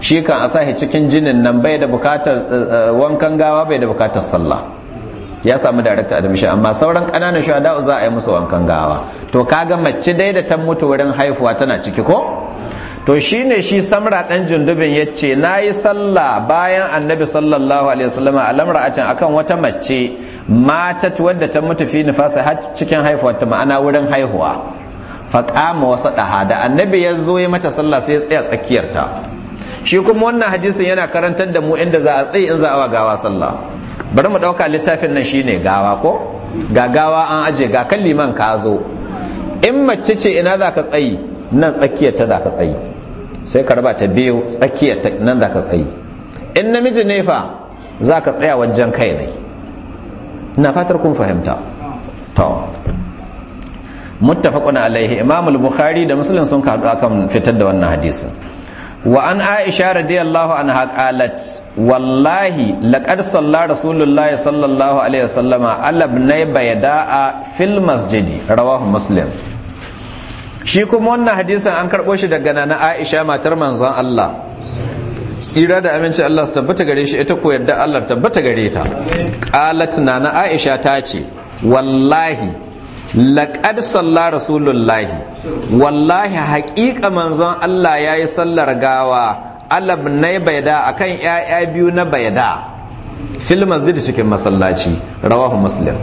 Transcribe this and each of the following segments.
shi kan a sahi cikin jinin nan bai da bukatar eh, eh, wankan gawa bai da bukatar sallah ya samu direct admission amma sauran ƙananan shuhada za a yi musu wankan gawa to ka ga mace dai da ta mutu wurin haihuwa tana ciki ko to shine shi samra dan jundubin yace nayi sallah bayan annabi sallallahu alaihi wasallam a lamra'atin akan wata mace mata wadda ta mutu fi nifasa har cikin haihuwa ta ma'ana wurin haihuwa faqama wasa da annabi ya zo ya mata sallah sai ya tsaya tsakiyarta shi kuma wannan hadisin yana karantar da mu inda za a tsaye in za a wa gawa sallah bari mu ɗauka littafin nan shine gawa ko ga gawa an aje ga kan liman ka zo in mace ce ina za ka tsayi nan tsakiyar ta za ka tsayi sai ka raba ta biyu tsakiyar ta nan za ka tsayi in namiji ne fa za ka tsaya wajen kai ne ina fatar kun fahimta to muttafaqun alaihi imam bukhari da muslim sun kaɗu akan fitar da wannan hadisin wa an aisha radiyallahu anha qalat wallahi laqad salla rasulullahi sallallahu alaihi wasallama alab nay bayda'a fil masjidi rawahu muslim shi kuma wannan hadisin an karɓo shi daga nana aisha matar manzon Allah tsira da aminci Allah su tabbata gare shi ita ko yarda Allah tabbata gare ta qalat nana aisha ta ce wallahi laƙad salla rasulullahi wallahi haƙiƙa manzon Allah ya yi sallar gawa alab na baida a kan ‘ya'ya biyu na da. fil masjid cikin masallaci rawahu muslim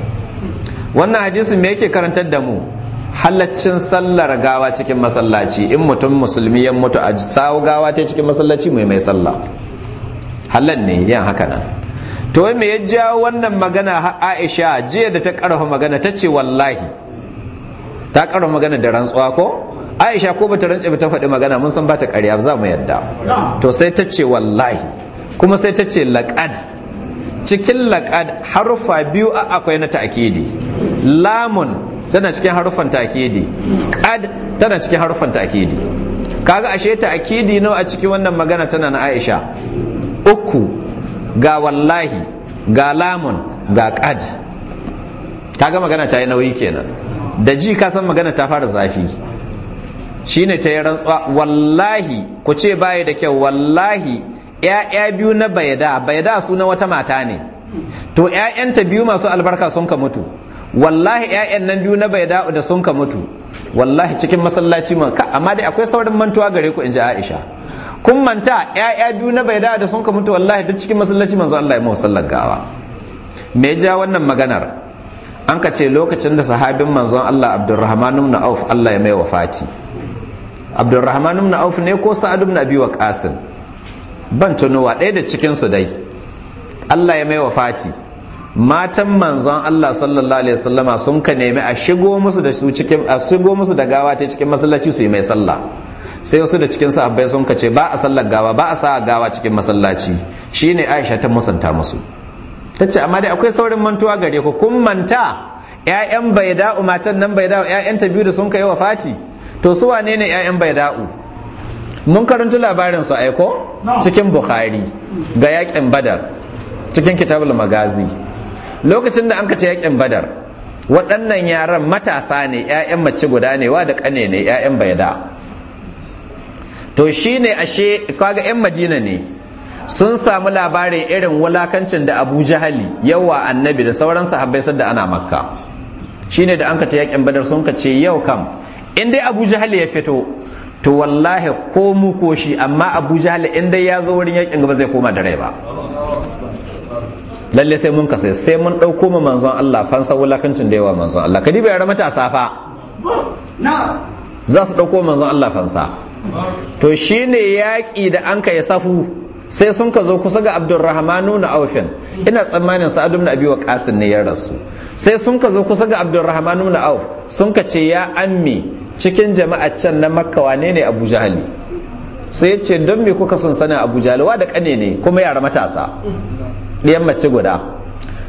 wannan hadisin me yake karantar da mu halaccin sallar gawa cikin masallaci in mutum musulmi ya mutu a tsawo gawa ta cikin masallaci mai mai sallah halal ne yan haka nan to wai me ya jawo wannan magana Aisha jiya da ta karfa magana ta ce wallahi ta karfa magana da rantsuwa ko Aisha ko bata rantse ba ta faɗi magana mun san ba ta ƙarya za mu yadda to sai ta ce wallahi kuma sai ta ce laqad cikin laqad harufa biyu a akwai na ta'kidi lamun tana cikin harufan ta'kidi qad tana cikin harufan ta'kidi kaga ashe ta'kidi nawa a cikin wannan magana tana na Aisha uku ga wallahi ga lamun ga Ka kaga magana ta yi nauyi kenan da ji ka san magana ta fara zafi shine ta yi rantsuwa wallahi ku ce baya da kyau wallahi ‘ya'ya biyu na bayada bayada suna wata mata ne to ‘ya'yanta biyu masu albarka sun ka mutu wallahi ‘ya'yan nan biyu na bayada da sun ka mutu wallahi cikin masallaci ma amma dai akwai saurin mantuwa gare ku in ji aisha kun manta yaya biyu na bai da sun ka mutu wallahi duk cikin masallaci manzo Allah ya mu sallar gawa me ja wannan maganar an ka ce lokacin da sahabin manzon Allah Abdurrahman ibn Auf Allah ya mai wafati Abdurrahman ibn Auf ne ko Sa'ad ibn Abi Waqqas ban tunowa ɗaya da cikin su dai Allah ya mai wafati matan manzon Allah sallallahu alaihi wasallama sun ka nemi a shigo musu da su cikin a shigo musu da gawa ta cikin masallaci su yi mai sallah sai wasu da cikin sahabbai sun kace ba a sallar gawa ba a sa gawa cikin masallaci shine Aisha ta musanta musu tace amma dai akwai saurin mantuwa gare ku kun manta ƴaƴan baida'u matan nan baida'u 'ya'yanta biyu da sun kai Fati? to su wane ne ƴaƴan baida'u mun karanta labarin su aiko cikin Bukhari ga yaƙin Badar cikin kitabul magazi lokacin da an ka ta yaƙin Badar waɗannan yaran matasa ne 'ya'yan mace guda ne wa da ƙane ne 'ya'yan baida to shine ashe kaga 'yan madina ne sun samu labarin irin wulakancin da abu jahali yawa annabi da sauran sahabbai sadda ana makka shine da an kata yakin badar sun ka ce yau kam in dai abu jahali ya fito to wallahi ko mu ko shi amma abu jahali in dai ya zo wurin yakin gaba zai koma da rai ba lalle sai mun kasai sai mun ɗauko ma manzon Allah fansa wulakancin da yawa manzon Allah kadi bai rama ta safa za su ɗauko manzon Allah fansa to shine yaƙi da an ka ya safu sai sun ka zo kusa ga abdurrahmanu na aufin ina tsammanin sa'adu na abiwa wa ne ya rasu sai sun ka zo kusa ga abdurrahmanu na auf sun ka ce ya ammi cikin jama'a can na makka wane ne abu jahali sai ce don me kuka sun abu jahali wa da kane ne kuma yara matasa ɗiyan mace guda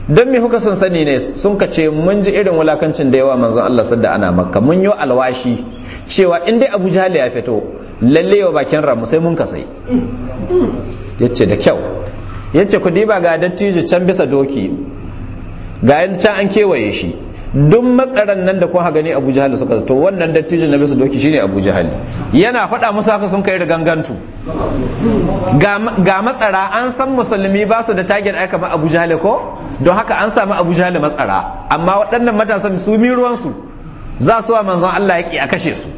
don me kuka sun sani ne sun ka ce mun ji irin wulakancin da yawa manzon Allah sadda ana makka mun yi alwashi cewa in dai abu jahali ya fito lalle yau bakin ramu sai mun kasai yace da kyau yace ku diba ga dattijo can bisa doki ga yin can an kewaye shi duk matsaran nan da kun ha gani Abu suka to wannan dattijo na bisa doki shine Abu Jahal yana faɗa musu haka sun kai rigangantu ga matsara an san musulmi ba su da tagin ai kamar Abu ko don haka an samu Abu Jahal matsara amma waɗannan matasan su mi ruwan za su wa manzon Allah yake a kashe su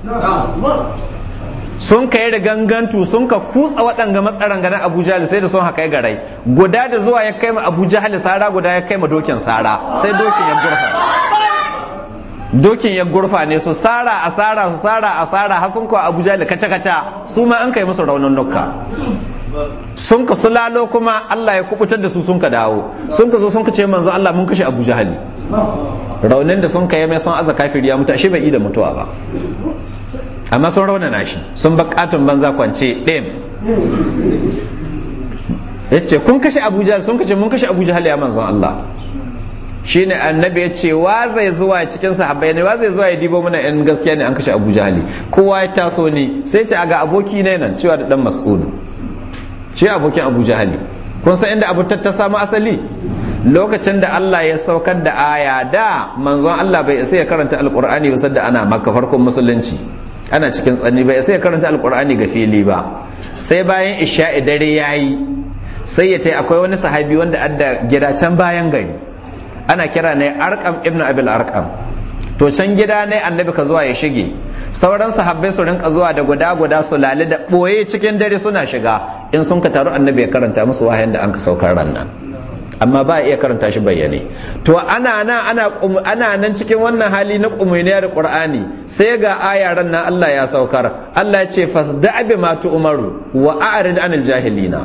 sun kai da gangantu sun ka kutsa waɗanga matsaranga na abuja Jahal sai da sun haka garai guda da zuwa ya kai ma abuja hali sara guda ya kai ma dokin sara sai dokin ya gurfa dokin ya gurfa ne su sara a sara su sara a sara har sun kawo abuja Jahal kaca kaca su ma an kai musu raunin nukka sun ka sulalo kuma Allah ya kubutar da su sun ka dawo sun ka zo sun ka ce manzo Allah mun kashe abuja hali raunin da sun ka yi mai son aza kafiri ya mutu ashe bai yi da mutuwa ba amma sun raunana shi sun bakatun banza kwance ɗin ya ce kun kashe abuja sun kace mun kashe abuja jahal ya manzan Allah shi ne annabi ya ce wa zai zuwa cikin sahabbai ne wa zai zuwa ya dibo mana yan gaskiya ne an kashe abuja hali kowa ya taso ne sai ce a ga aboki ne nan cewa da dan mas'udu shi abokin abuja hali kun san inda abu ta samu asali lokacin da Allah ya saukar da aya da manzon Allah bai isa ya karanta alkur'ani ba da ana maka farkon musulunci ana cikin tsanani ba sai ya karanta alkur'ani ga fili ba sai bayan isha'i dare ya yi sai ya ta akwai wani sahabi wanda adda gida can bayan gari ana kira ne arkam Ibn abil arkam to can gida ne annabi ka zuwa ya shige sauran sahabbai su rinka zuwa da guda guda su lali da boye cikin dare suna shiga in sun ka taru annabi ya karanta musu wahayin da an ka saukar ran nan amma ba a iya karanta shi bayyane to ana nan ana ana nan cikin wannan hali na kumuniya da qur'ani sai ga ayaran nan Allah ya saukar Allah ya ce fasda bi ma umaru wa a'rid anil jahilina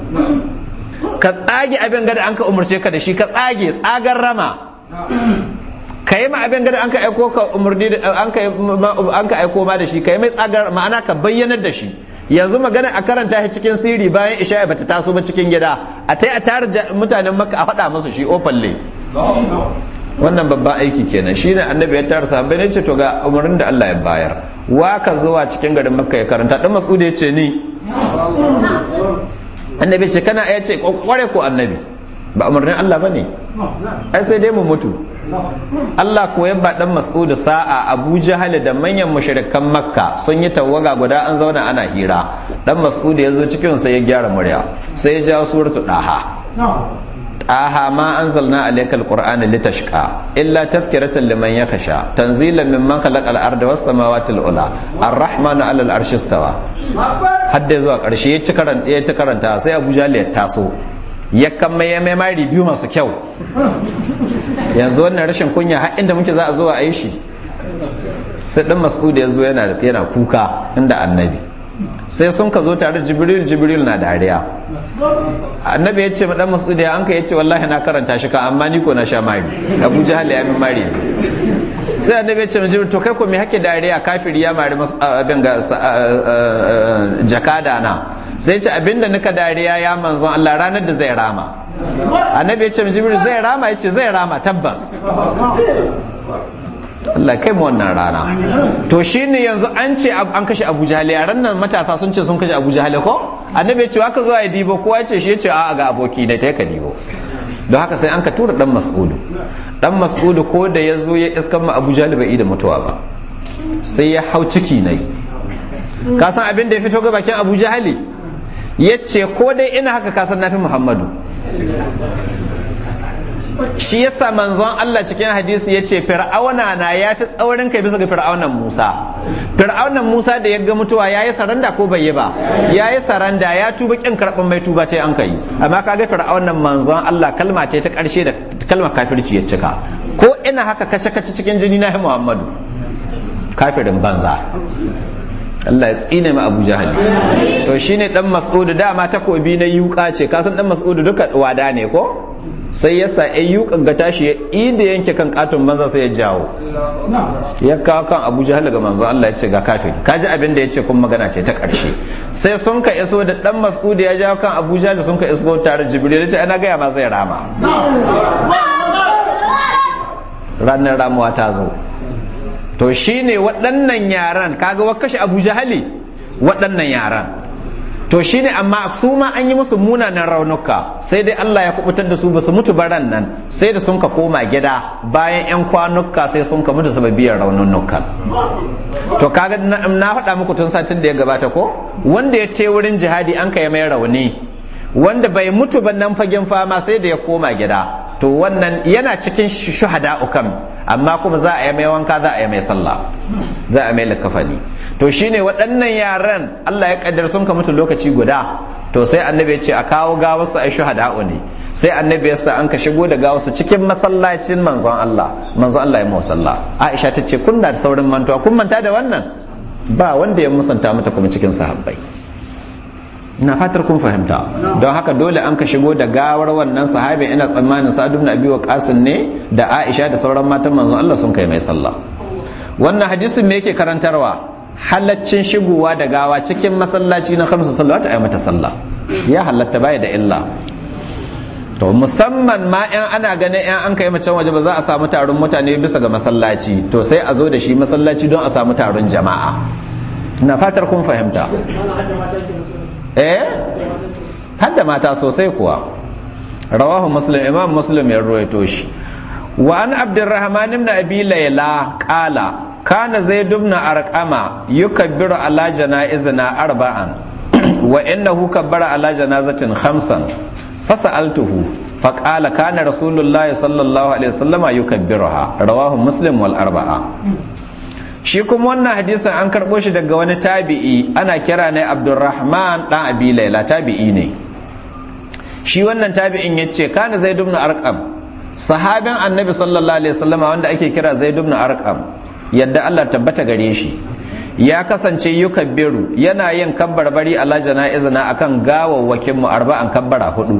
ka tsage abin gada an ka umarce ka da shi ka tsage tsagar rama ka yi ma abin gada an ka aiko ka umarni an ka aiko ma da shi ka yi mai tsagar ma'ana ka bayyanar da shi yanzu magana a karanta shi cikin sirri bayan isha'i ta taso ba cikin gida a tai a tare mutanen makka a faɗa musu shi openly wannan babban aiki kenan shine annabi ya tara sa ne ce to ga umarnin da Allah ya bayar wa ka zuwa cikin garin makka ya karanta dan mas'ud ya ce ni annabi ce kana ya ce kware ko annabi ba umarnin Allah bane ai sai dai mu mutu Allah ko yabba dan Mas'ud sa'a Abu hali da manyan mushrikan Makka sun yi tawaga guda an zauna ana hira dan Mas'ud ya zo cikin sa ya gyara murya sai ya ja suratu Daha ɗaha ma anzalna alaykal qur'ana litashqa illa tazkiratan liman yakhsha tanzilan mimman khalaqal arda was samawati al ula arrahmanu ala al arshi istawa hadda zuwa karshe ya ci karanta sai Abu Jahal ya taso ya kama ya maimai ribiyu masu kyau yanzu wannan rashin kunya har inda muke za a zo a yi shi sai dan masu ya zo yana yana kuka inda annabi sai sun ka zo tare jibril jibril na dariya annabi ya ce dan mas'ud ya anka ya ce wallahi na karanta shi ka amma ni ko na sha mari abu jahal ya min mari sai annabi ya ce mu jibril to kai ko me hake dariya kafiri ya mari abin ga jakada na sai ce abinda nika dariya ya manzon Allah ranar da zai rama annabi ya ce jibril zai rama ya ce zai rama tabbas Allah kai mu wannan rana to shine yanzu an ce an kashe Abu Jahal yaran nan matasa sun ce sun kashe Abu Jahal ko annabi ya ce haka zo ya dibo kowa ya ce shi ya ce a'a ga aboki da ta ka dibo don haka sai an ka tura dan mas'udu dan mas'udu ko da ya zo ya iskan ma Abu Jahal bai da mutuwa ba sai ya hau ciki nai ka san abin da ya fito ga bakin Abu Jahali ya ce ko dai ina haka kasan na fi muhammadu shi yasa manzon Allah cikin hadisi ya ce fir'auna na ya fi tsaurin kai bisa ga fir'aunan Musa fir'aunan Musa da ya ga mutuwa ya yi saranda ko bai yi ba ya yi saranda ya tuba kin karɓin mai tuba ce an kai amma kaga fir'aunan manzon Allah kalma ce ta ƙarshe da kalma kafirci ya cika ko ina haka kashe kace cikin jini na Muhammadu kafirin banza Allah ya tsine ma Abu Jahal to shine dan Mas'ud dama takobi na yuka ce ka san dan Mas'ud duka wada ne ko sai ya sa ai yukan ga tashi ya inda yanke kan katon manzo sai ya jawo ya kawo kan Abu Jahal ga manzo Allah ya ce ga kafiri kaji abin da ya ce magana ce ta karshe sai sun ka iso da dan Mas'ud ya jawo kan Abu Jahal sun ka iso tare Jibril ya ce ana ga ya ma sai rama ranar ramuwa ta zo to shi ne waɗannan yaran kaga kashe abu jahali waɗannan yaran to shi ne amma su ma an yi musu munanan raunuka sai dai Allah ya kubutar da su ba su mutu baran nan sai da sun ka koma gida bayan yan kwanuka sai sun ka mutu sababiyar raunuka to kaga na faɗa muku tun satin da ya gabata ko wanda ya te wurin jihadi an ka ya mai rauni wanda bai mutu ba nan fagen fama sai da ya koma gida to wannan yana cikin shuhada ukan amma kuma za a yi mai wanka za a yi mai sallah za a mai likafani to shine waɗannan yaran Allah ya kaddar sun ka mutu lokaci guda to sai annabi ya ce a kawo gawarsu a shuhada ne sai annabi ya sa an ka shigo da gawarsu cikin masallacin manzon Allah manzon Allah ya mawa Aisha ta ce kun da saurin mantuwa kun manta da wannan ba wanda ya musanta mata kuma cikin sahabbai na fatar kun fahimta don haka dole an ka shigo da gawar wannan sahabin ina tsammanin sadu na abi kasin ne da Aisha da sauran matan manzon Allah sun kai mai sallah wannan hadisin me yake karantarwa halaccin shigowa da gawa cikin masallaci na khamsu salawat ayi mata sallah ya halatta baya da illa to musamman ma yan ana ganin yan an kai mace waje ba za a samu taron mutane bisa ga masallaci to sai a zo da shi masallaci don a samu taron jama'a na fatar kun fahimta eh hadda mata sosai kuwa rawahu muslim imam muslim ya ruwaito shi wa an abdurrahman ibn abi layla qala kana zaid ibn arqama yukabbiru ala janaizina arba'an wa innahu kabbara ala janazatin khamsan fasaltuhu فقال كان رسول الله صلى الله عليه وسلم يكبرها رواه مسلم والأربعة shi kuma wannan hadisin an karbo shi daga wani tabi'i ana kira ne abdurrahman ɗan abi laila tabi'i ne shi wannan tabi'in ya ce kana zai dubna arqam sahabin annabi sallallahu alaihi wasallam wanda ake kira zai dubna arqam yadda Allah tabbata gare shi ya kasance yukabiru yana yin kabbarbari ala jana'izina akan gawawwakin mu arba'an kabbara hudu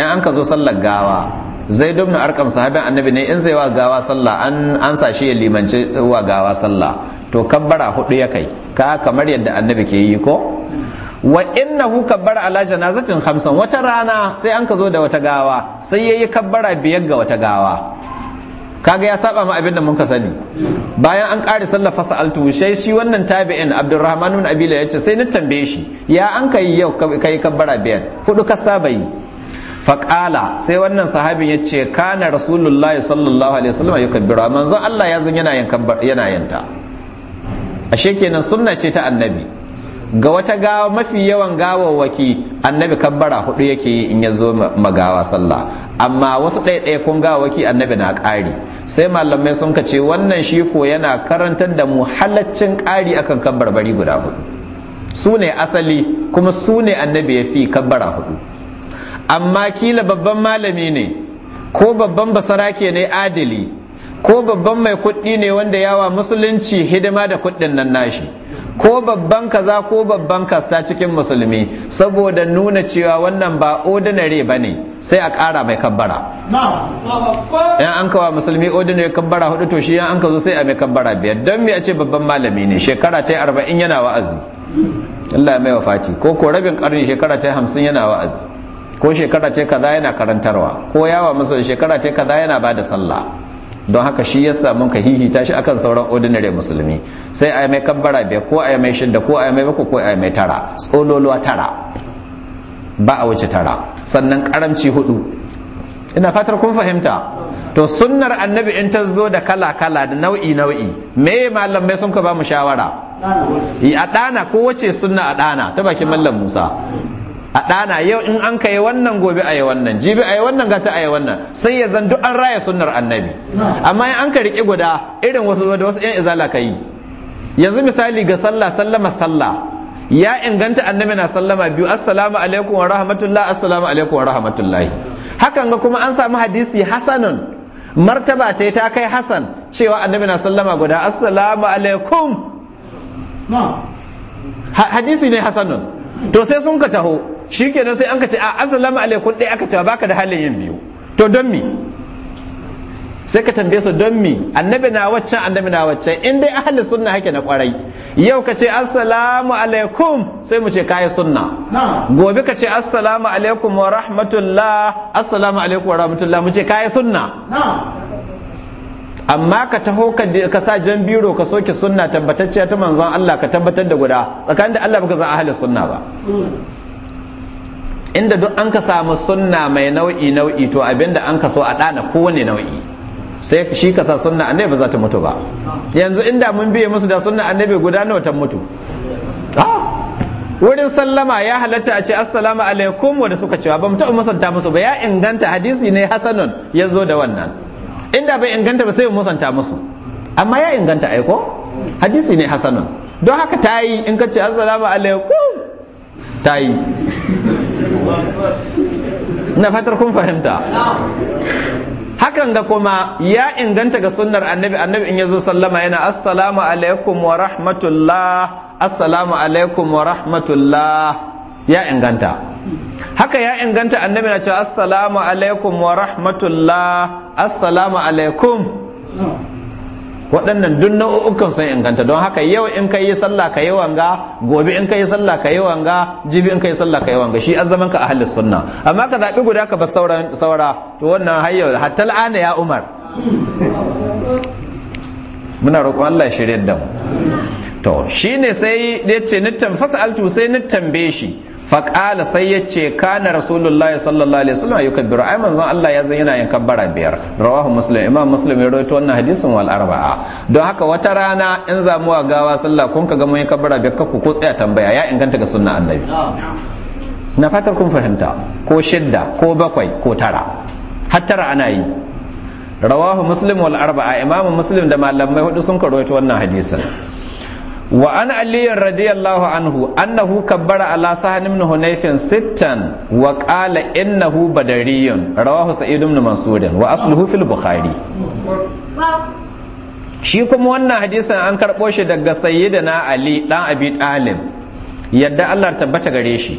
in an ka zo sallar gawa Zai ibn arkam sahabin annabi ne in zai wa gawa sallah an an sashi ya limanci wa gawa sallah to kabbara hudu ya kai ka kamar yadda annabi ke yi ko wa innahu kabbara ala janazatin hamsin wata rana sai an ka zo da wata gawa sai yayi kabbara biyar ga wata gawa kaga ya saba ma abin da mun ka sani bayan an ƙare sallah fasa altu sai shi wannan tabi'in abdurrahman ibn abila yace sai na tambaye shi ya an kai yau kai kabbara biyar hudu ka saba yi faƙala sai wannan sahabin ya ce kana rasulullahi sallallahu alaihi wasallam ya kabbira manzon Allah ya zan yana yanta ashe kenan sunna ce ta annabi ga wata gawa mafi yawan gawawwaki annabi kabbara hudu yake yi in ya zo magawa sallah amma wasu ɗaiɗaya kun gawawwaki annabi na ƙari sai malamai sun ce wannan shi ko yana karantar da mu halaccin ƙari akan bari guda hudu su ne asali kuma su ne annabi ya fi kabbara hudu amma kila babban malami ne ko babban basarake ne adili ko babban mai kuɗi ne wanda yawa musulunci hidima da kuɗin nan nashi ko babban kaza ko babban kasta cikin musulmi saboda nuna cewa wannan ba ordinary ba ne sai a ƙara mai kabbara yan an kawa musulmi ordinary kabbara hudu to shi yan an ka zo sai a mai kabbara biyar don me a ce babban malami ne shekara ta arba'in yana wa'azi Allah mai wafati ko ko rabin karni shekara ta hamsin yana wa'azi ko shekara ce kaza yana karantarwa ko yawa masa shekara ce kaza yana bada sallah don haka shi ya samu ka hihita shi akan sauran ordinary musulmi sai a mai kabbara biyar ko a mai shida ko a mai bakwai ko a mai tara tsololuwa tara ba a wuce tara sannan karamci hudu ina fatar kun fahimta to sunnar annabi in ta zo da kala kala da nau'i nau'i me malamai sun ka ba mu shawara a ɗana ko wace sunna a ɗana ta bakin mallam musa a ɗana yau in an ka yi wannan gobe a yi wannan jibi a yi wannan gata a yi wannan sai ya zan duk an raya sunnar annabi amma in an ka riƙe guda irin wasu da wasu 'yan izala ka yi yanzu misali ga sallah sallama sallah ya inganta annabi na sallama biyu assalamu alaikum wa rahmatullahi assalamu alaikum wa rahmatullahi hakan ga kuma an samu hadisi hasanun martaba ta ta kai hasan cewa annabi na sallama guda assalamu alaikum hadisi ne hasanun to sai sun ka taho shikenan sai an ka ce a asalamu alaikum dai aka ce baka da halin yin biyu to don mi sai ka tambaye su don mi annabi na waccan annabi na waccan in dai ahli sunna hake na kwarai yau ka ce assalamu alaikum sai mu ce kayi sunna gobe ka ce assalamu alaikum wa rahmatullah assalamu alaikum wa rahmatullah mu ce kayi sunna amma ka taho ka sa jan biro ka soke sunna tabbatacciya ta manzon Allah ka tabbatar da guda tsakanin da Allah baka zan ahli sunna ba mm. inda duk an ka samu sunna mai nau'i nau'i to abinda an ka so a ɗana kowane nau'i sai shi ka sa sunna annabi ba za ta mutu ba yanzu inda mun biye musu da sunna annabi guda nawa ta mutu ah! wurin sallama ya halatta a ce assalamu alaikum wanda suka cewa ba mu taɓa musanta musu ba ya inganta hadisi ne hasanun ya zo da wannan inda bai inganta ba sai mu musanta musu amma ya inganta aiko hadisi ne hasanun don haka ta yi in ka ce assalamu alaikum ta yi na fatar kun fahimta hakan ga kuma ya inganta ga sunnar annabi annabi in yazo sallama yana assalamu alaikum wa rahmatullah assalamu alaikum wa rahmatullah ya inganta haka ya inganta annabi na cewa assalamu alaikum wa rahmatullah assalamu alaikum waɗannan duk nau'ukan sun inganta don haka yau in ka yi sallah ka yi wanga gobe in ka yi sallah ka yi wanga jibi in ka yi sallah ka yi wanga shi an zaman ka halin sunna amma ka zaɓi guda ka bar saura saura to wannan hayyau hatta al'ana ya umar muna roƙon Allah shirye da mu to shine sai ya ce nittan altu sai nittan be shi faƙala sai ya ce kana rasulullahi sallallahu alaihi wasallam biro. ai manzon Allah ya zan yana yin kabbara biyar rawahu muslim imam muslim ya rawaito wannan hadisin wal arba'a don haka wata rana in za mu gawa sallah kun kaga mun yi kabbara biyar kakku ko tsaya tambaya ya inganta ga sunna annabi na fatar kun fahimta ko shidda ko bakwai ko tara har tara ana yi rawahu muslim wal arba'a imam muslim da malamai hudu sun karoito wannan hadisin wa an aliyin radiyallahu anhu annahu kabbara ala sahan ibn hunayfin sittan wa qala innahu badariyun rawahu sa'id ibn mansur wa asluhu fil bukhari shi kuma wannan hadisin an karbo shi daga sayyidina ali dan abi talib yadda Allah tabbata gare shi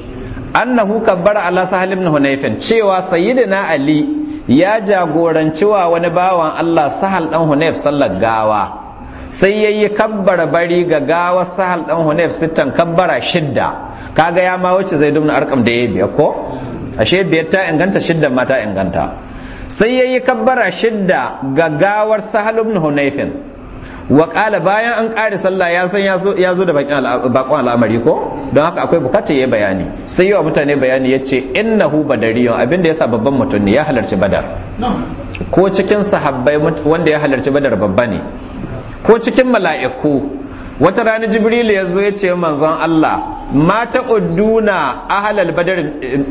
annahu kabbara ala sahal ibn hunayfin cewa sayyidina ali ya jagoranci wa wani bawan Allah sahal dan hunayf sallar gawa sai ya yi kabbara bari ga gawar sahal dan hunayf sittan kabbara shidda kaga ya ma wuce zai dumna arkam da ya biya ko ashe biyar ta inganta shidda ma ta inganta sai ya yi kabbara shidda ga gawar sahal ibn hunayfin wa bayan an ƙare sallah ya san ya zo da bakon al'amari ko don haka akwai bukata ya bayani sai wa mutane bayani ya ce innahu badariyon abinda yasa babban mutum ne ya halarci badar ko cikin sahabbai wanda ya halarci badar babba ne ko cikin mala'iku wata rana jibril ya zo ya ce manzon Allah mata uduna ahlal badar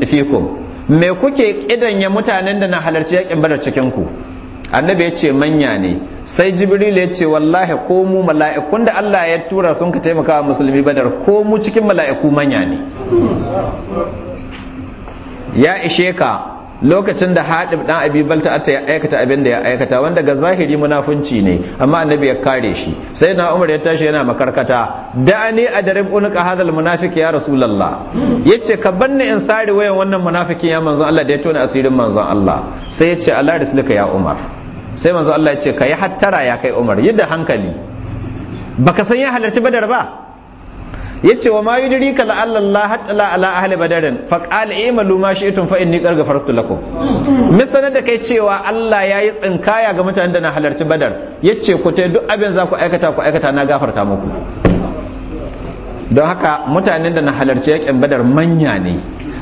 fikum me kuke kidanya mutanen da na halarci yakin badar cikinku? annabi ya ce manya ne sai jibril ya ce wallahi ko mu mala'ikun da Allah ya tura sun ka taimaka wa musulmi badar ko mu cikin mala'iku manya ne ya ishe ka lokacin da haɗin ɗan abi balta ta ya aikata abin da ya aikata wanda ga zahiri munafunci ne amma annabi ya kare shi sai na umar ya tashi yana makarkata da ne a darib unuka hadal munafiki ya rasu rasulullah ce ka banne in sare wayan wannan munafikin ya manzon Allah da ya tona asirin manzon Allah sai ya yace Allah silika ya umar sai manzon Allah ya ce ka yi hattara ya kai umar yadda hankali baka san ya halarci badar ba yace wa ma yudrika la Allah hatla ala ahli badarin fa qala imalu eh, ma shi'tum fa inni qad ghafartu lakum misalan da kai cewa Allah ya yi tsinkaya ga mutanen da na halarci badar yace ku ta duk abin za ku aikata ku aikata na gafarta muku don haka mutanen da na halarci yakin badar manya ne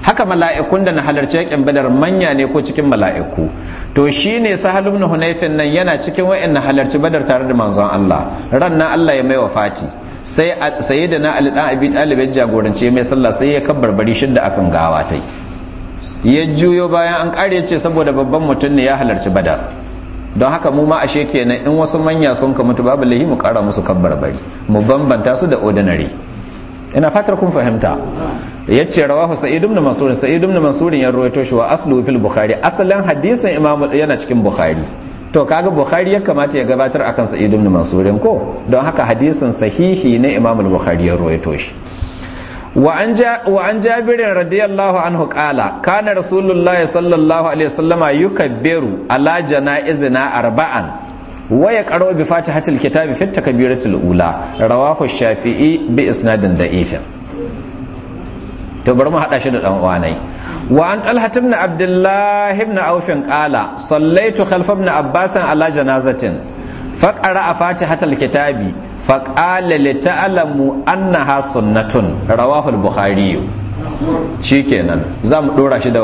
haka mala'ikun da na halarci yakin badar manya ne ko cikin mala'iku to shine sahal ibn hunayfin nan yana cikin wa'in halarci badar tare da manzon Allah ran nan Allah ya mai wafati sai saye da na alidan abi talib ya jagorance mai sallah sai ya bari shidda akan gawa ta ya juyo bayan an kare ce saboda babban mutum ne ya halarci bada. don haka mu ma ashe kenan in wasu manya sun ka mutu babu lahi mu kara musu barbari mu bambanta su da ordinary ina fatar kun fahimta ya ce rawahu sa'id ibn mansur sa'id ibn mansur ya rawaito shi wa aslu fil bukhari asalin hadisin imam yana cikin bukhari to kaga bukhari ya kamata ya gabatar akan sa'id ibn mansurin ko don haka hadisin sahihi ne imam al-bukhari ya rawaito shi wa an jabir radiyallahu anhu qala kana rasulullah sallallahu alaihi wasallama yukabbiru ala janaizina arba'an wa yaqra'u bi fatihatil kitabi fit takbiratil ula rawahu shafi'i bi isnadin da'if to bari mu hada shi da dan uwanai وعن طلحة بن عبد الله بن عوف قال صليت خلف ابن عباس على جنازة فقرأ فاتحة الكتاب فقال لتعلم أنها سنة رواه البخاري shikenan za دورا dora shi da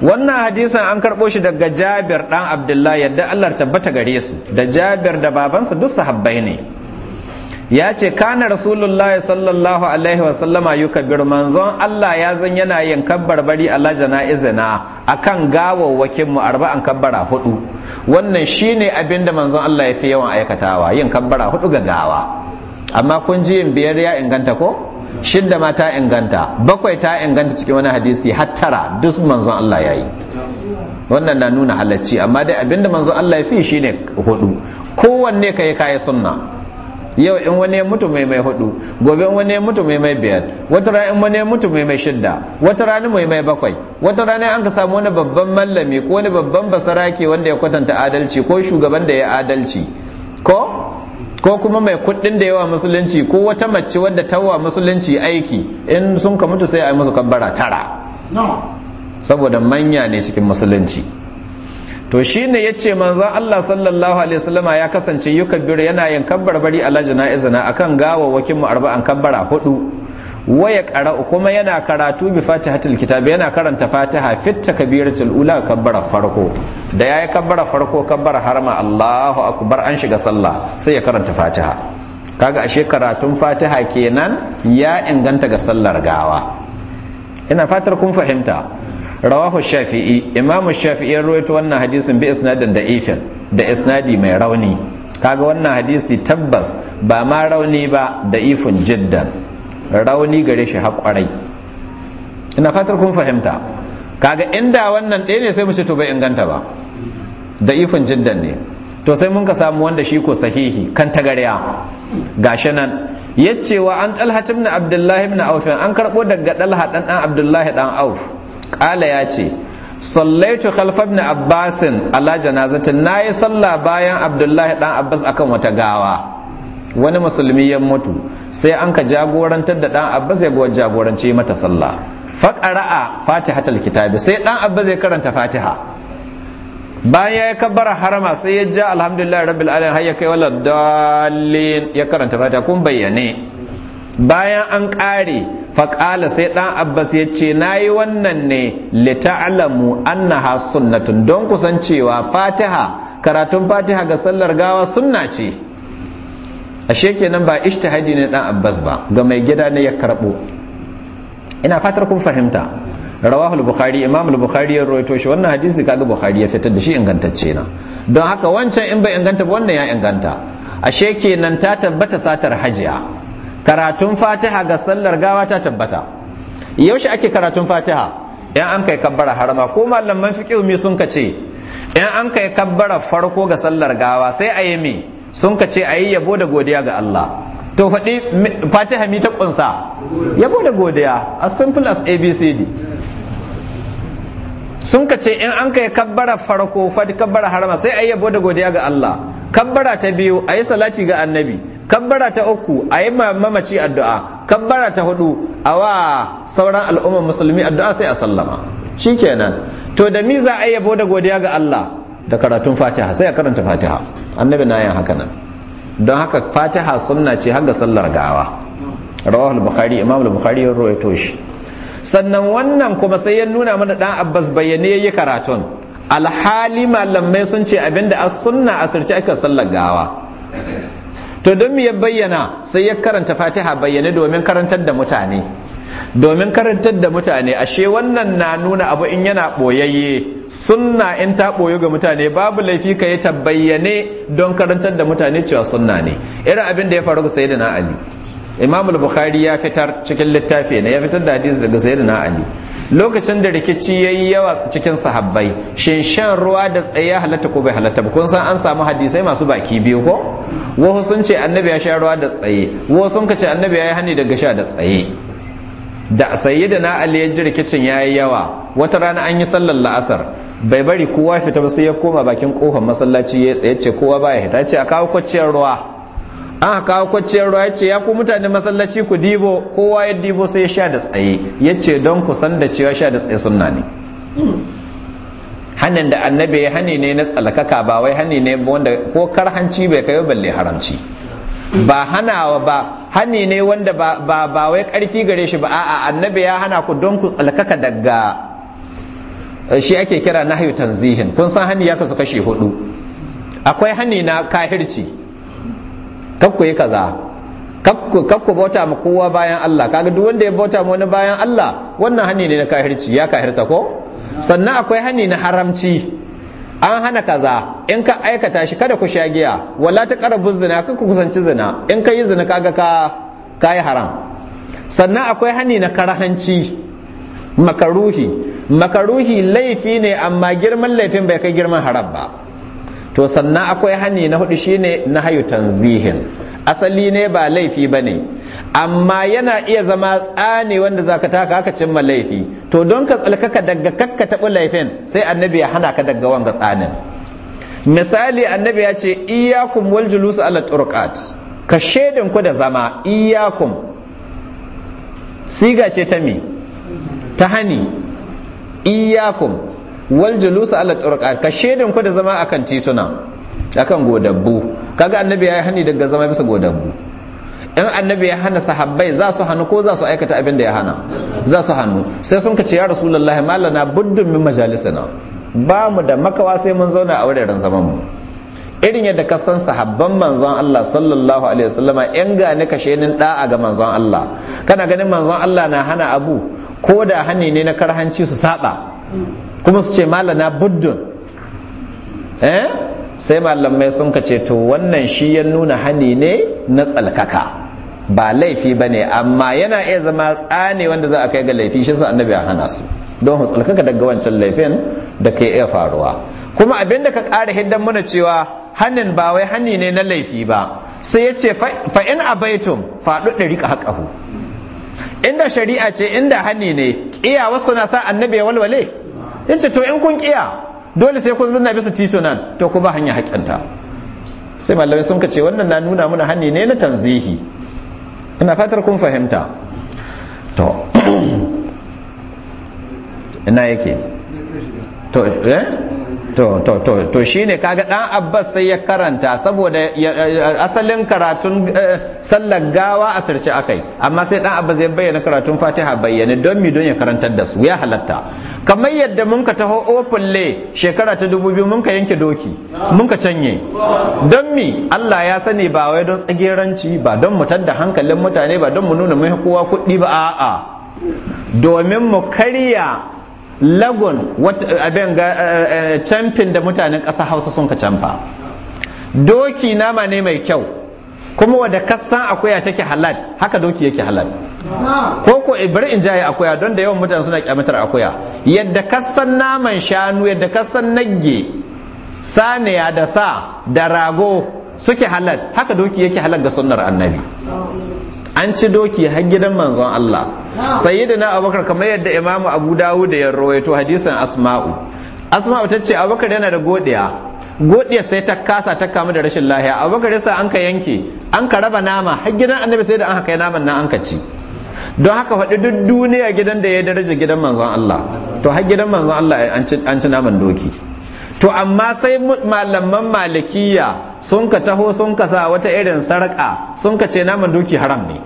wannan hadisan an karɓo shi daga jabir ɗan abdullahi yadda allah tabbata gare su da jabir da babansa duk sahabbai ne ya ce kana rasulullahi sallallahu alaihi wa wasallama yukabbir manzon Allah ya zan yana yin kabbar bari Allah jana'izina akan gawawwakin mu arba'an kabbara hudu wannan shine abin da manzon Allah ya fi yawan aikatawa yin kabbara hudu ga gawa amma kun ji yin biyar ya inganta ko shidda ma ta inganta bakwai ta inganta cikin wani hadisi hattara duk manzon Allah ya yi wannan na nuna halacci amma dai abinda manzon Allah ya fi shine hudu kowanne ka yi kayi sunna yau in wani ya mutu mai mai hudu gobe in wani ya mutu mai mai biyar wata rana in wani ya mutu mai mai shidda wata rana mai mai bakwai wata rana an ka samu wani babban mallami ko wani babban basarake wanda ya kwatanta adalci ko shugaban da ya adalci ko ko kuma mai kuɗin da yawa musulunci ko wata mace wadda tawa musulunci aiki in sun ka mutu sai a yi musu kabbara tara saboda manya ne cikin musulunci to shi ne ya ce manzon Allah sallallahu alaihi wasallama ya kasance yukabbiru yana yin kabbar bari ala janaizana kan gawawwakin mu arba'an kabbara hudu waya kara kuma yana karatu bi til kitab yana karanta fatiha fit takbiratul ula kabbara farko da yayi kabbara farko kabbara harma Allahu akbar an shiga sallah sai ya karanta fatiha kaga ashe karatun fatiha kenan ya inganta ga sallar gawa ina fatar kun fahimta rawahu shafi'i imam shafi'i ya rawaito wannan hadisin bi isnadin ifin da isnadi mai rauni kaga wannan hadisi tabbas ba ma rauni ba da ifin jiddan rauni gare shi haƙwarai ina fatar kun fahimta kaga inda wannan ɗaya ne sai mu ce to bai inganta ba da ifin jiddan ne to sai mun ka samu wanda shi ko sahihi kan tagarya gashi nan yace wa an talha abdullahi ibn auf an karbo daga dalha dan dan abdullahi dan auf ƙala ya ce sallaitu abbasin ala janazatin na yi sallah bayan abdullahi dan abbas akan wata gawa wani musulmi ya mutu sai an ka jagorantar da ɗan abbas ya gowa jagorance mata sallah faqara'a fatihatul kitabi sai ɗan abbas ya karanta fatiha bayan ya kabbara harama sai ya ja alhamdulillah rabbil alamin har ya kai wala dallin ya karanta fatiha kun bayyane bayan an ƙare. faƙala sai ɗan abbas ya ce na yi wannan ne lita'alamu annaha sunnatun don kusan cewa fatiha karatun fatiha ga sallar gawa sunna ce ashe kenan ba ishtihadi ne ɗan abbas ba ga mai gida ne ya karɓo ina fatar kun fahimta rawahu al-bukhari imam al-bukhari ya rawaito shi wannan hadisi kaga bukhari ya fitar da shi ingantacce na don haka wancan in bai inganta ba wannan ya inganta ashe kenan ta tabbata satar hajiya karatun fatiha ga sallar gawa ta tabbata yaushe ake karatun fatiha yan an kai kabbara harama ko malaman fiqh mi sun kace yan an kai kabbara farko ga sallar gawa sai a yi mi sun kace a yi yabo da godiya ga Allah to faɗi fatiha mi ta kunsa yabo da godiya as simple as abcd sun ka ce in an kai kabbara farko fadi kabbara harama sai ayi yabo da godiya ga Allah kabbara ta biyu a yi salati ga annabi kabbara ta uku a yi mamaci addu'a kabbara ta hudu a wa sauran al'ummar musulmi addu'a sai a sallama Shi kenan, to da mi za a yi yabo da godiya ga Allah da karatun fatiha sai a karanta fatiha annabi na yin haka nan don haka fatiha sunna ce har ga sallar gawa rawahul bukhari imam bukhari ya rawaito shi sannan wannan kuma sai ya nuna mana dan abbas bayyane yayi karatun alhali malamai sun ce abinda as sunna asirci aka sallar gawa to don mu ya bayyana sai ya karanta fatiha bayyane domin karantar da mutane domin karantar da mutane ashe wannan na nuna abu in yana ɓoyayye sunna in ta ɓoyo ga mutane babu laifi ka yi tabbayyane don karantar da mutane cewa sunna ne irin abin da ya faru ga sayyidina ali imamul bukhari ya fitar cikin littafi ne ya fitar da hadis daga sayyidina ali lokacin da rikici ya yi yawa cikin sahabbai shin shan ruwa da tsaye ya halatta ko bai halatta ba kun san an samu hadisai masu baki biyu ko wasu sun ce annabi ya sha ruwa da tsaye wasu sun ce annabi ya yi hani daga sha da tsaye da da na ali ya ji rikicin ya yi yawa wata rana an yi sallar la'asar bai bari kowa fita ba sai ya koma bakin kofar masallaci ya tsaye ce kowa baya hita ce a kawo kwacciyar ruwa an kawo kwacciyar ruwa ya ce ya ku mutane masallaci ku dibo kowa ya dibo sai ya sha da tsaye ya ce don ku san da cewa sha da tsaye sunna ne hannun da annabi ya hani ne na tsalakaka ba wai hani ne wanda ko karhanci bai kai balle haramci ba hanawa ba hani ne wanda ba ba wai karfi gare shi ba a'a annabi ya hana ku don ku tsalakaka daga eh, shi ake kira na nahyu tanzihin kun san hani ya kasu kashi hudu akwai hani na kahirci kaf ku yi kaza kaf ku bauta ma kowa bayan Allah kaga duk wanda ya bauta ma wani bayan Allah wannan hani ne na kahirci ya kahirta ko sannan akwai hani na haramci an hana kaza in ka aikata shi kada ku sha giya wala ta karabu zina ka ku kusanci zina in ka yi zina kaga ka ka haram sannan akwai hani na karahanci makaruhi makaruhi laifi ne amma girman laifin bai kai girman haram ba to sannan akwai hani na hudu shine na hayu tanzihin asali ne ba laifi ba ne amma yana iya zama tsane wanda zaka taka haka cimma laifi to don ka tsalkaka daga kakka taɓa laifin sai annabi ya hana ka daga wanga tsanin misali annabi ya ce iyakum wal julus ala turqat ka shedin ku da zama iyakum siga ce ta mi ta hani iyakum wal julusu ala turqat ka shedin ku da zama akan tituna akan godabbu kaga annabi ya yi hani daga zama bisa godabbu in annabi ya hana sahabbai za su hannu ko za su aikata abin da ya hana za su hannu sai sun ka ce ya rasulullahi malana buddun min majalisina ba mu da makawa sai mun zauna a wuraren zaman mu irin yadda ka san sahabban manzon Allah sallallahu alaihi wasallama in ga ni kashe ni da'a ga manzon Allah kana ganin manzon Allah na hana abu ko da hani ne na karhanci su saba kuma su ce malana buddun eh sai malamai sun ka ce to wannan shi ya nuna hani ne na tsalkaka ba laifi ba ne amma yana iya zama tsane wanda za a kai ga laifi shi sa annabi ya hana su don su tsalkaka daga wancan laifin da ke iya faruwa kuma abin da ka ƙara hiddan muna cewa hannun ba wai hani ne na laifi ba sai ya ce fa'in abaitum faɗu ɗari ka haƙahu inda shari'a ce inda hani ne wasu na sa annabi ya walwale in ce to in kun kiya dole sai kun zanna bisa tito nan to ku ba hanya hakanta sai malamai sun kace wannan na nuna mana hanni ne na tanzihi ina fatar kun fahimta to ina yake to eh to to to to shine kaga dan abbas sai ya karanta saboda asalin karatun eh, sallar gawa a sirce akai amma sai dan abbas ya bayyana karatun fatiha bayyane. don mi don ya karantar da su ya halatta kamar yadda mun ka taho openle shekara ta dubu biyu mun ka yanke doki mun ka canye don mi Allah ya sani ba wai don tsageranci ba don mu da hankalin mutane ba don mu nuna mai kowa kuɗi ba a'a domin mu karya lagon eh, abin ga eh, eh, camfin da mutanen ƙasa hausa sun ka camfa doki nama ne mai kyau kuma wadda kasan akuya take halal haka doki yake halal ko ko ibri in jaye akuya don da yawan mutane suna kyamatar akuya yadda kasan naman shanu yadda kasan nagge saniya da sa da rago suke halal haka doki yake halal ga sunnar annabi an ci doki har gidan manzon Allah sayyidina abubakar kamar yadda imamu abu dawud ya rawaito hadisin asma'u asma'u ta ce abubakar yana da godiya godiya sai ta kasa ta kamu da rashin lahiya abubakar yasa an ka yanke an ka raba nama har gidan annabi sai da an haka naman nan an ka ci don haka faɗi duk duniya gidan da ya daraja gidan manzon Allah to har gidan manzon Allah an ci naman doki to amma sai malaman malikiya sun ka taho sun ka sa wata irin sarƙa sun ka ce naman doki haram ne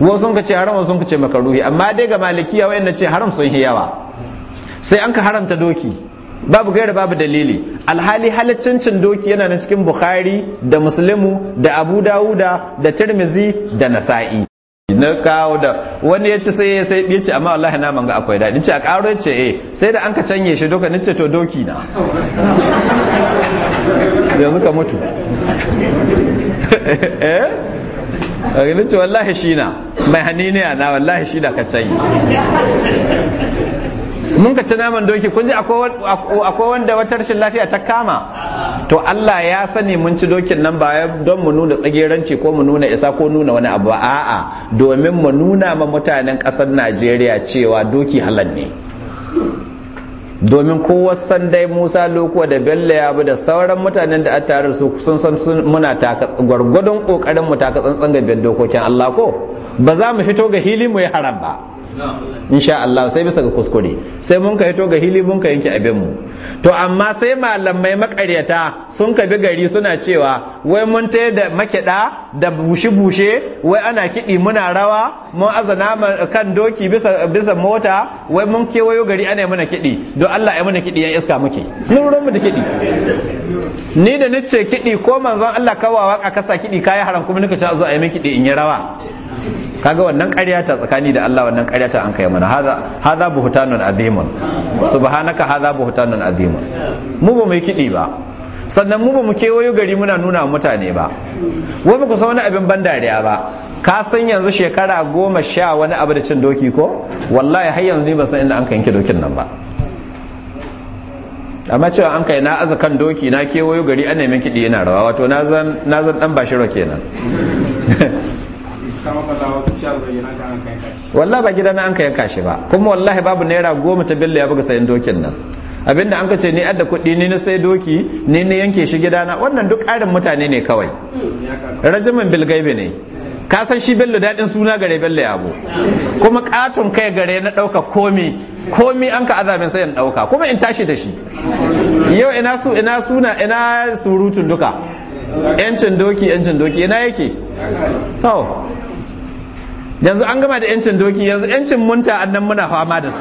wasu sun ka ce haram sun ka ce makaruhi amma dai ga malikiya wayanda ce haram sun yi yawa sai an ka haramta doki babu gaira babu dalili alhali cin doki yana nan cikin bukhari da muslimu da abu dawuda da tirmizi da nasa'i na kawo da wani ya ci sai ya sai ya ce amma Allah naman ga akwai daɗi ce a karo ce eh sai da an ka canye shi duka nace to doki na yanzu ka mutu eh ce wallahi shi na mai haniniya na wallahi shi da ka canye mun ka ci naman doki kun ji akwai wanda wata rashin lafiya ta kama to Allah ya sani mun ci dokin nan ba don mu nuna tsageranci ko mu nuna isa ko nuna wani abu a'a domin mu nuna ma mutanen ƙasar Najeriya cewa doki halal ne domin kowa san dai Musa Lokuwa da Bello ya bi da sauran mutanen da a su sun san muna taka gwargwadon kokarin mu taka tsantsan ga dokokin Allah ko ba za mu fito ga hili mu yi haram ba insha Allah sai bisa ga kuskure sai mun kai to ga hili mun ka yanke abin mu to amma sai malamai makaryata sun ka bi gari suna cewa wai mun ta da makida da bushe bushe wai ana kidi muna rawa mun azana kan doki bisa bisa mota wai mun kewayo gari ana mana kidi don Allah ya mana kidi ya iska muke mun ruwan mu da kidi ni da nace kidi ko manzon Allah kawawa ka kasa kidi kai haram kuma nika ci a zo a yi min kidi in yi rawa kaga wannan ƙarya ta tsakani da Allah wannan ƙarya ta an kai mana hadha hadha buhtanun azimun subhanaka hadha buhtanun azimun mu ba mu yi kidi ba sannan mu ba mu kewayo gari muna nuna mutane ba ba ku san wani abin ban dariya ba ka san yanzu shekara goma sha wani abu da cin doki ko wallahi har yanzu ni ba san inda an kai dokin nan ba amma cewa an kai na aza kan doki na kewayo gari an neman kiɗi yana rawa wato na zan dan bashiro kenan wallahi ba gidana an ka yanka shi ba kuma wallahi babu naira goma ta bello ya buga sayan dokin nan abinda an ka ce ni adda kuɗi ni na sai doki ni na yanke shi gidana wannan duk ƙarin mutane ne kawai hmm, rajimin bilgaibe ne ka san shi bello daɗin suna gare bello bu kuma katon kai gare na ɗauka komi komi an ka azamin sai in ɗauka kuma in tashi da shi yau ina su ina suna ina surutun duka yancin doki yancin doki ina yake to yanzu an gama da yancin doki yanzu yancin munta annan muna fama da su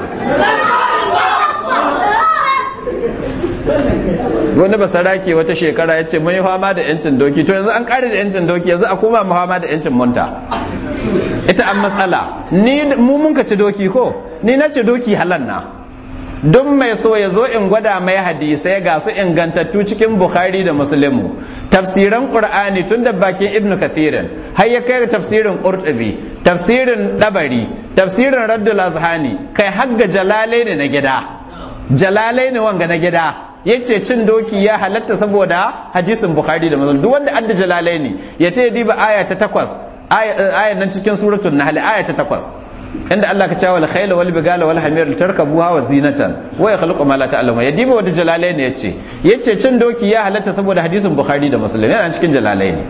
wani basarake wata shekara ya ce mun fama da yancin doki to yanzu an kare da yancin doki yanzu a koma mu fama da yancin munta ita an matsala ni mu mun ci doki ko ni na ce doki halan na duk mai so ya zo in gwada mai hadisai ga su ingantattu cikin bukhari da muslimu tafsiran qur'ani tun da bakin ibnu kathirin har ya kai tafsirin qurtubi tafsirin dabari tafsirin raddul azhani kai hagga jalalai ne na gida jalalai wanga na gida yace cin doki ya halatta saboda hadisin bukhari da Musulmi. duk wanda adda jalalai ne ya ta diba aya ta 8 aya nan cikin suratul nahl aya ta 8 inda Allah ka ce wal khayla wal bigala wal hamir tarkabuha wa zinatan wa yakhluqu ma la ta'lamu ya diba wanda jalalai ne yace yace cin doki ya halatta saboda hadisin bukhari da muslim yana cikin jalalai ne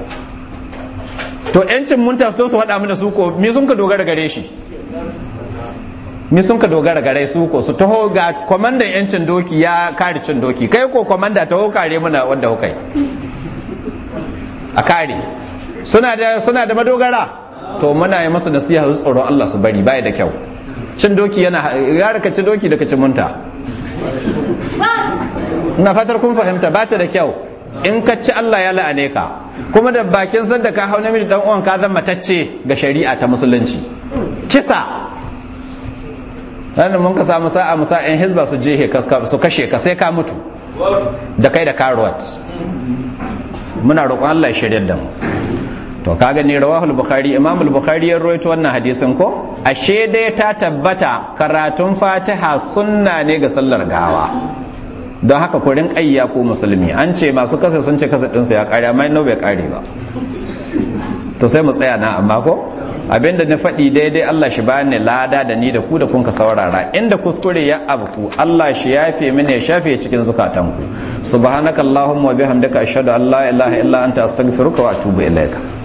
to yancin munta su su hada mana su ko me sun ka dogara gare shi me sun ka dogara gare su ko su taho ga komandan yancin doki ya kare cin doki kai ko komanda taho kare muna wanda hukai a kare suna da suna da madogara to muna yi masa nasiha su tsoron Allah su bari baya da kyau cin doki yana gara ka ci doki da ka ci munta na fatar kun fahimta ba ta da kyau in ka ci Allah ya la'ane ka kuma da bakin san da ka hau namiji dan uwan ka zama matacce ga shari'a ta musulunci kisa ranar mun ka samu sa'a musa yan hisba su je su kashe ka sai ka mutu da kai da karuwat muna roƙon Allah ya shirya da mu to kaga ne rawahul bukhari imam al-bukhari ya rawaito wannan hadisin ko ashe dai ta tabbata karatun fatiha sunna ne ga sallar gawa don haka ku rin ayya ko musulmi an ce masu kasa sun ce kasa ɗinsu ya kare amma bai kare ba to sai mu tsaya na amma ko abinda na faɗi daidai Allah shi bani lada da ni da ku da kun ka saurara inda kuskure ya abku Allah shi yafe mini ya shafe cikin zukatanku subhanakallahumma wa bihamdika ashhadu an la ilaha illa anta astaghfiruka wa atubu ilaika